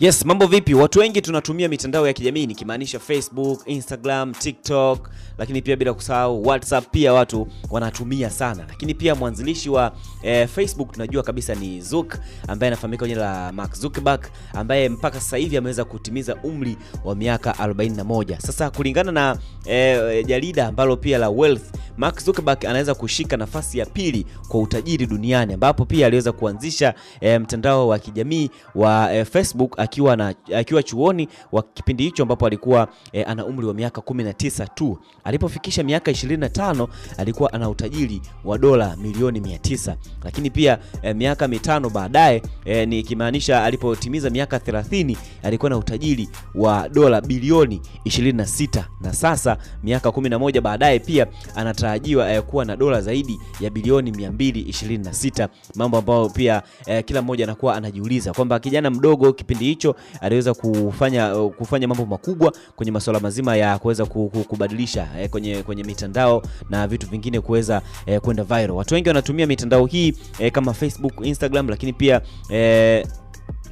Yes, mambo vipi? Watu wengi tunatumia mitandao ya kijamii nikimaanisha Facebook, Instagram, TikTok, lakini pia bila kusahau WhatsApp pia watu wanatumia sana. Lakini pia mwanzilishi wa eh, Facebook tunajua kabisa ni Zuck ambaye anafahamika kwa jina la Mark Zuckerberg ambaye mpaka sasa hivi ameweza kutimiza umri wa miaka 41. Sasa kulingana na eh, jarida ambalo pia la Wealth Mark Zuckerberg anaweza kushika nafasi ya pili kwa utajiri duniani ambapo pia aliweza kuanzisha e, mtandao wa kijamii wa e, Facebook akiwa, na, akiwa chuoni wa kipindi hicho ambapo alikuwa e, ana umri wa miaka 19 tu. Alipofikisha miaka 25 alikuwa ana utajiri wa dola milioni 900, lakini pia e, miaka mitano baadaye e, nikimaanisha alipotimiza miaka 30 alikuwa na utajiri wa dola bilioni 26 na sasa miaka 11 baadaye pia anata yanatarajiwa eh, kuwa na dola zaidi ya bilioni 226, mambo ambayo pia eh, kila mmoja anakuwa anajiuliza kwamba kijana mdogo kipindi hicho aliweza kufanya eh, kufanya mambo makubwa kwenye masuala mazima ya kuweza kubadilisha eh, kwenye, kwenye mitandao na vitu vingine kuweza eh, kwenda viral. Watu wengi wanatumia mitandao hii eh, kama Facebook, Instagram lakini pia eh,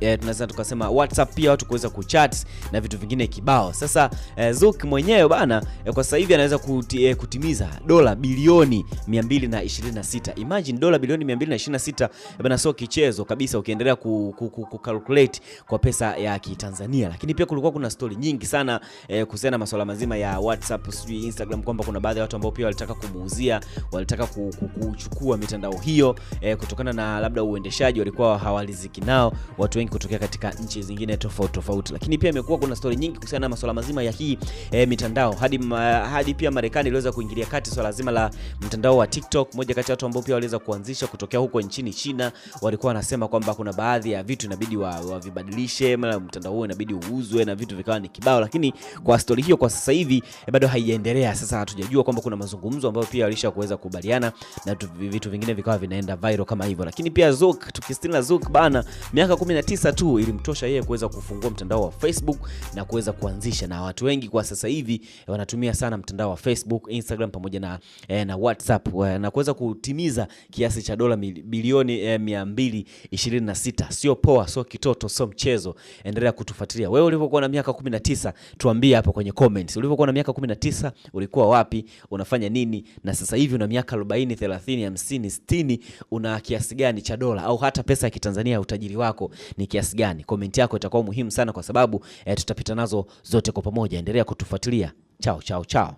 eh, tunaweza tukasema WhatsApp pia watu kuweza kuchat na vitu vingine kibao. Sasa eh, Zuck mwenyewe bana eh, kwa sasa hivi anaweza kuti, eh, kutimiza dola bilioni 226. Imagine dola bilioni 226 eh, bana, sio kichezo kabisa ukiendelea ku, ku, ku, ku calculate kwa pesa ya Kitanzania. Lakini pia kulikuwa kuna story nyingi sana eh, kuhusiana na masuala mazima ya WhatsApp, sijui Instagram kwamba kuna baadhi ya watu ambao pia walitaka kumuuzia, walitaka kuchukua mitandao hiyo eh, kutokana na labda uendeshaji walikuwa hawaliziki nao watu wengi mengi kutokea katika nchi zingine tofauti tofauti, lakini pia imekuwa kuna stori nyingi kuhusiana na masuala mazima ya hii e, mitandao hadi, ma, hadi pia Marekani iliweza kuingilia kati swala zima la mtandao wa TikTok. Moja kati ya watu ambao pia waliweza kuanzisha kutokea huko nchini China, walikuwa wanasema kwamba kuna baadhi ya vitu inabidi wavibadilishe wa mtandao huo inabidi uuzwe na vitu vikawa ni kibao, lakini kwa stori hiyo kwa sasa hivi e, bado haijaendelea. Sasa hatujajua kwamba kuna mazungumzo ambayo pia walisha kuweza kukubaliana na vitu vingine vikawa vinaenda viral kama hivyo, lakini pia Zuck, tukistina Zuck bana miaka tisa tu ilimtosha yeye kuweza kufungua mtandao wa Facebook na kuweza kuanzisha, na watu wengi kwa sasa hivi wanatumia sana mtandao wa Facebook, Instagram pamoja na, eh, na WhatsApp eh, na kuweza kutimiza kiasi cha dola bilioni eh, 226. Sio poa, sio kitoto, sio mchezo. Endelea kutufuatilia. Wewe ulivyokuwa na miaka 19, tuambie hapo kwenye comments. Ulivyokuwa na miaka 19 ulikuwa wapi? Unafanya nini? Na sasa hivi una miaka 40, 30, 50, 60 una kiasi gani cha dola au hata pesa ya Kitanzania utajiri wako ni kiasi gani? Komenti yako itakuwa muhimu sana kwa sababu e, tutapita nazo zote kwa pamoja. Endelea kutufuatilia. Chao chao chao.